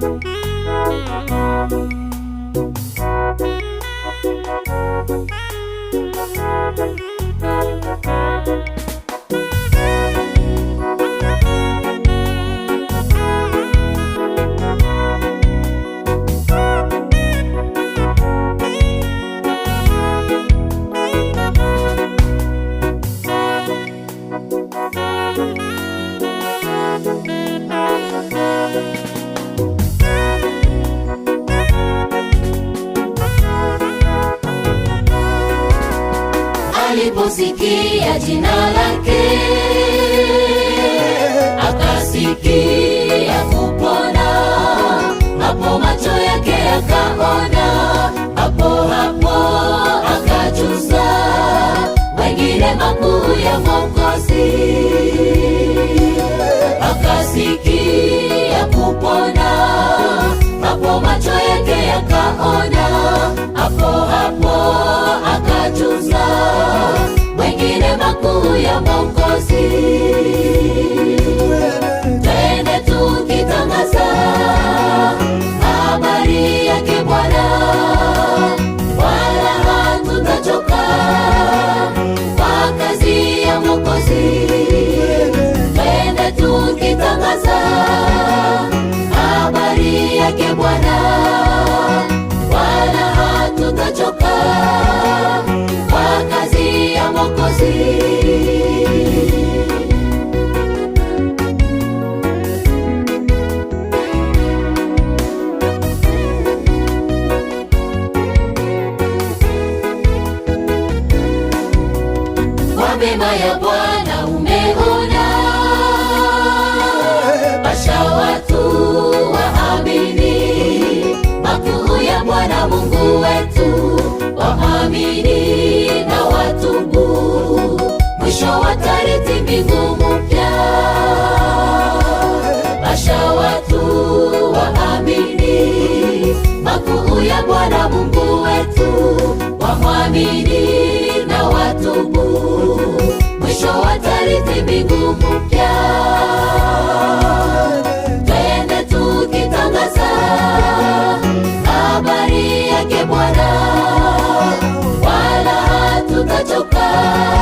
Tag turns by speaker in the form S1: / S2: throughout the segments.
S1: Thank mm-hmm. you. kusikia jina lake, akasikia kupona, hapo macho yake akaona, hapo hapo akachuza wengine makuu ya Mwokozi, akasikia kupona, hapo macho yake yakaona, hapo hapo kutangaza habari yake Bwana, wala hatutachoka kwa kazi ya Mwokozi. Kwa mema ya Bwana Bwana Mungu wetu, waamini na watubu, mwisho tariti mbingu mpya. Basha watu waamini makuu ya Bwana Mungu wetu, waamini na watubu, mwisho tariti mbingu mpya. love.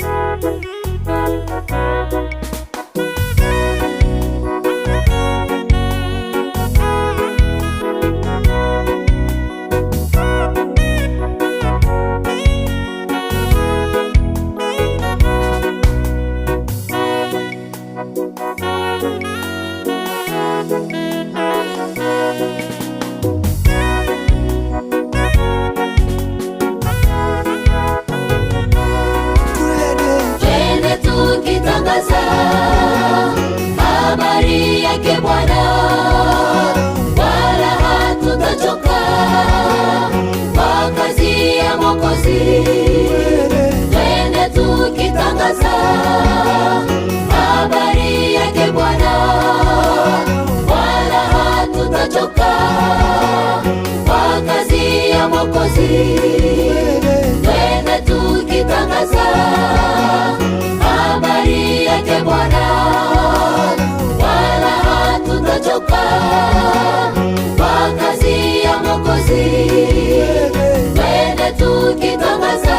S1: Thank you. kutangaza habari yake Bwana, wala hatutachoka kwa kazi ya Mwokozi. Twende tukitangaza habari yake Bwana, wala hatutachoka kwa kazi ya Mwokozi. Twende tukitangaza